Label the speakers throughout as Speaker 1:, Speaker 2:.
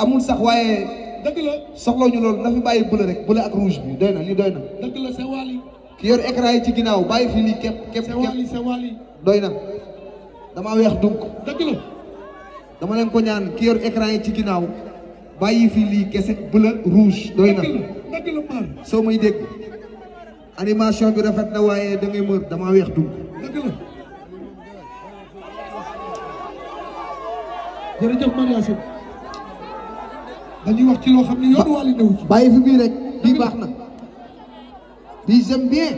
Speaker 1: amul sax waaye. dëgg la soxla ñu loolu na fi bàyyi bleu rek bleu ak rouge bi doy na li doy na. dëgg la c'est Wally. ki yor écran yi ci ginnaaw bàyyi fi lii képp képp. c'est Wally c'est Wally. weex dunk. dëgg leen ko ñaan ki yor ci ginnaaw bàyyi fi lii kese bleu rouge. doy na soo may dégg animation bi rafet na waaye da mër damaa weex dunk. dañuy wax ci loo xam ne yoon wàllu néew ci bàyyi fi bii rek bii baax na bii j'aime bien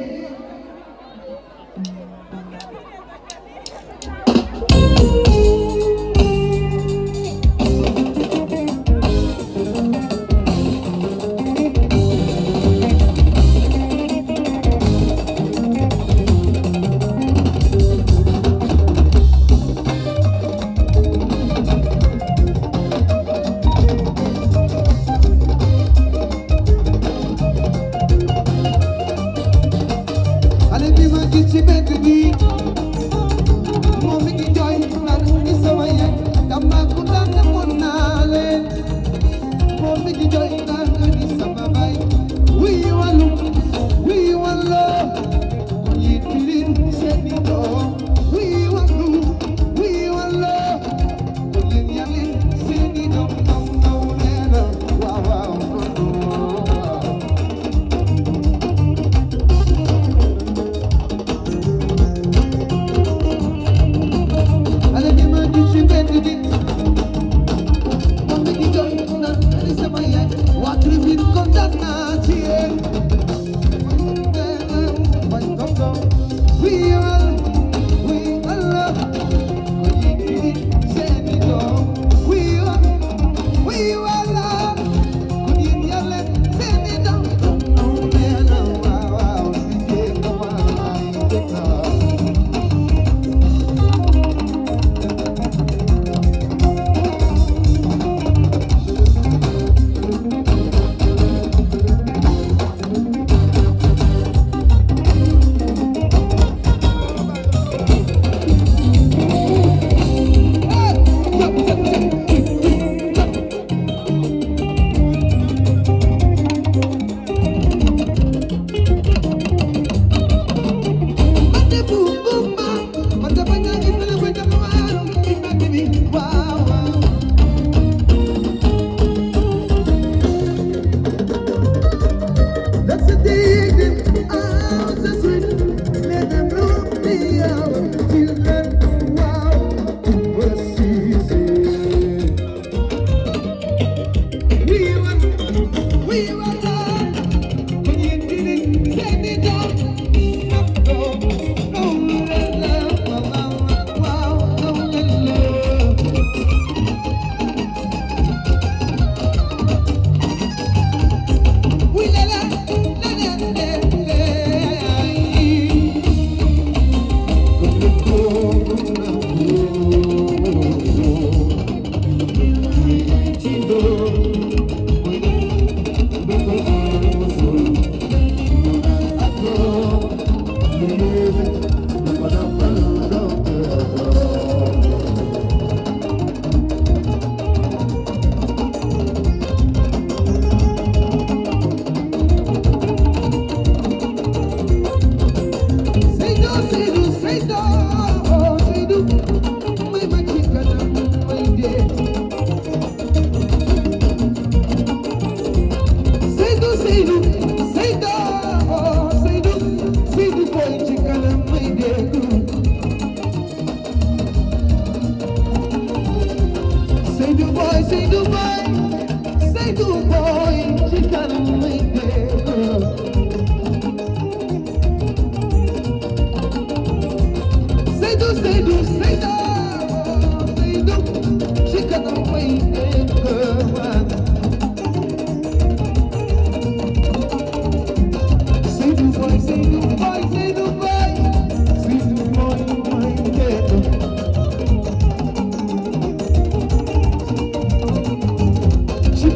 Speaker 1: we are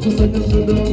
Speaker 1: Sustenta-se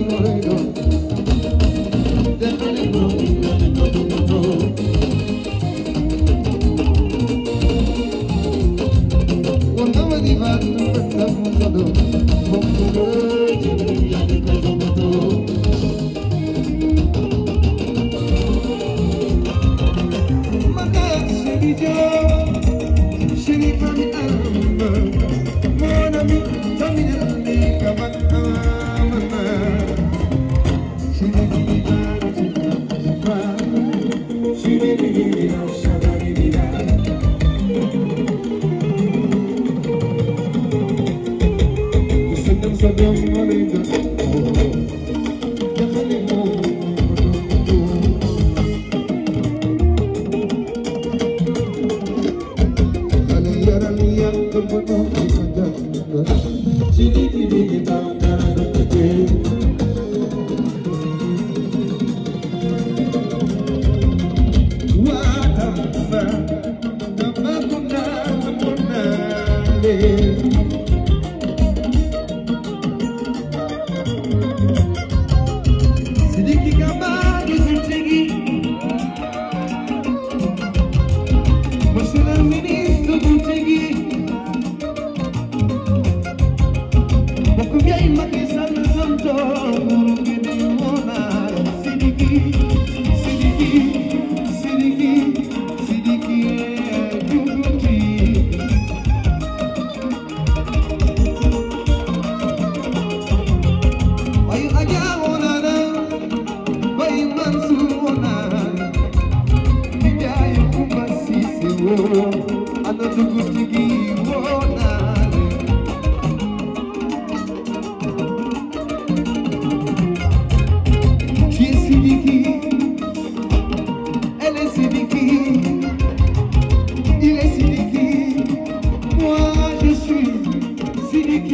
Speaker 1: mi